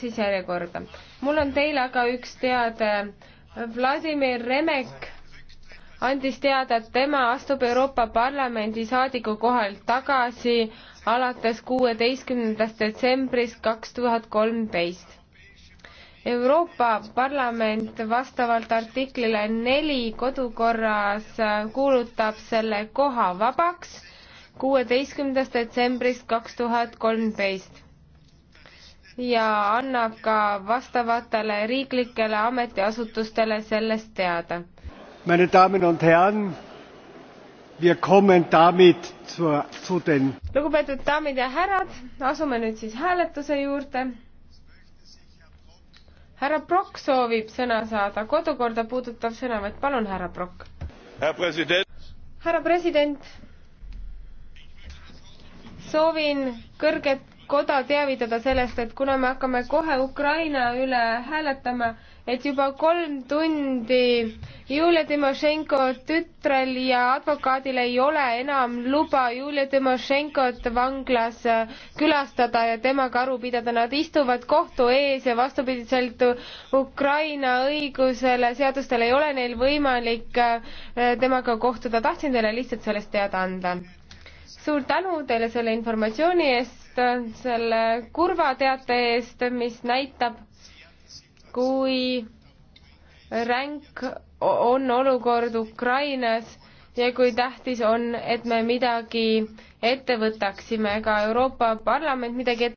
siis järjekorda. mul on teile aga üks teade. Vladimir Remek andis teada, et tema astub Euroopa Parlamendi saadiku kohalt tagasi alates kuueteistkümnendast detsembrist kaks tuhat kolmteist. Euroopa Parlament vastavalt artiklile neli kodukorras kuulutab selle koha vabaks kuueteistkümnendast detsembrist kaks tuhat kolmteist ja annab ka vastavatele riiklikele ametiasutustele sellest teada. Meine Damen und Herren, wir kommen damit zu, zu den lugupeetud daamid ja härrad, asume nüüd siis hääletuse juurde. härra Brock soovib sõna saada, kodukorda puudutav sõnavõtt, palun härra Brock. härra president, soovin kõrget koda teavitada sellest, et kuna me hakkame kohe Ukraina üle hääletama, et juba kolm tundi Julia Timošenko tütrel ja advokaadil ei ole enam luba Julia Timošenkot vanglas külastada ja temaga aru pidada. Nad istuvad kohtu ees ja vastupidiselt Ukraina õigusele, seadustel ei ole neil võimalik äh, temaga kohtuda. tahtsin teile lihtsalt sellest teada anda. suur tänu teile selle informatsiooni eest Äh, selle kurva teate eest, mis näitab, kui ränk on olukord Ukrainas ja kui tähtis on, et me midagi ette võtaksime, ka Euroopa Parlament midagi ette